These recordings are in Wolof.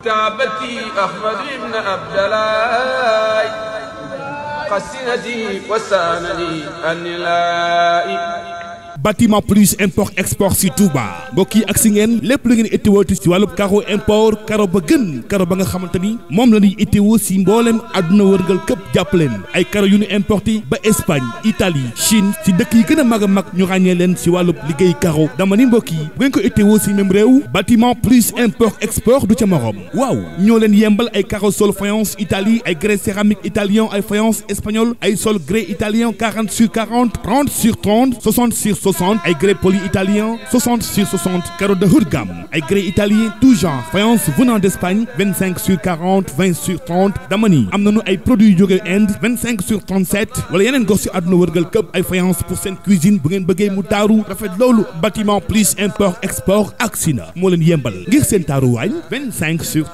كتابتي أحمد بن عبد الله قسنتي وسانني أن لا bâtiment plus import export si Touba mbokk ak si ngeen lépp lu ngeen itteewooti si wàllub caro import caro ba gën caro ba nga xamante ni moom la ñuy itteewoo si mbooleem àdduna wërngal këpp jàppaleen ay caro yu ñu importé ba Espagne Italie Chine si dëkk yi gën a mag a mag ñu ràññee leen si wàllub liggéey caro dama ni mbokk yi bu ngeen ko itteewoo si même réew bâtiment plus import export du ca morom waaw ñoo leen yembal ay caro sol faïence Italie ay 60 ay grès poli italien 60 sur 60 carreaux de haut de gamme ay grès italien tout genre faïence venant d'Espagne 25 sur 40 20 sur 30 damani am nañu ay produits jóge Inde 25 sur 37 wala yeneen gox si àdduna wërgal këpp ay faïence pour seen cuisine bu ngeen bëggee mu taaru rafet loolu bâtiment plus import export ak sina moo leen yembal ngir seen taaruwaañ 25 sur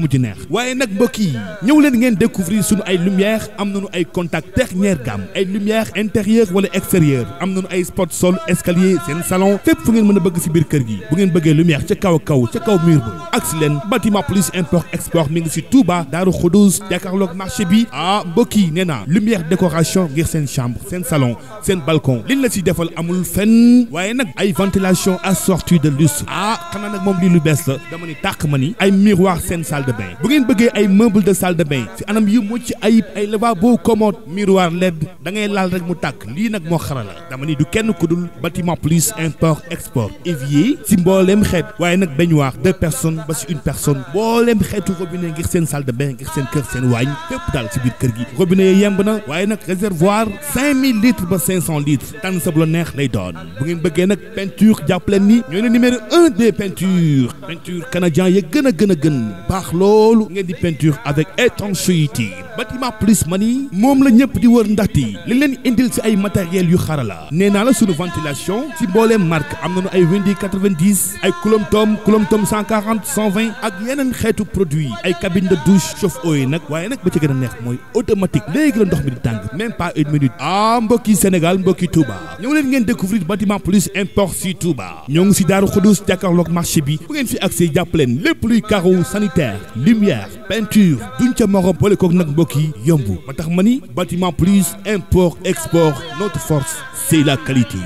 mu ci waaye nag mbokk ñëw leen ngeen découvrir suñu ay lumière am na nañu ay contact dernière gamme ay lumière intérieure wala extérieure ay spot sol escalier seen salon fépp fu ngeen mën a bëgg si biir kër gi bu ngeen bëggee lumière ca kaw kaw ca kaw mur ba ak si leen bâtiment import export mi ngi si Touba Daaru Xuduus jàkkaarloog marché bi ah mbokk yi nee naa lumière décoration ngir seen chambre seen salon seen balcon liñ la si defal amul fenn waaye nag ay ventilation assortie de lustre ah xanaa nag moom lii lu bees la dama ni tàq ma ni ay miroir seen salle de bain bu ngeen bëggee ay meuble de salle de bain si anam yu da ngay laal rek mu tàkk lii nag moo xarala kenn ku dul bâtiment plus import export évier si mbooleem xeet waaye nag baignoire deux personnes ba si une personne mbooleem xeetu robinet ngir seen salle de bain ngir seen kër seen waañ fépp daal si biir kër gi robinet yi yemb na waaye nag réservoir cinq mille litres ba cinq cent litres tànn sa la neex lay doon bu ngeen bëggee nag peinture jàppaleen ni ñooy ne numéro un des peintures peinture canadien ya gën a gën a gën baax loolu ngeen di peinture avec étanchéité bâtiment plus mani moom la ñëpp di wër ndaxte li leen indil si ay matériel yu xarala nee naa la suñu ventilation si mbooleem marque am nañu ay windi 90 ay kulomtom kulomtom 140 120 ak yeneen xeetu produit ay cabine de douche chauffe-eau yi nag waaye nag ba ci gën a neex mooy automatique léegi la ndox mi di tàng même pas une minute ah mbokki Sénégal mbokki Touba ñëw leen ngeen découvrir bâtiment plus import si Touba ñoo ngi si Daaru Xudus jàkkaarloog marché bi bu ngeen fi accès jàpp leen lépp luy carreau sanitaire mbokk yomb ba tax ma ni bâtiment plus import export notre force c'est la qualité.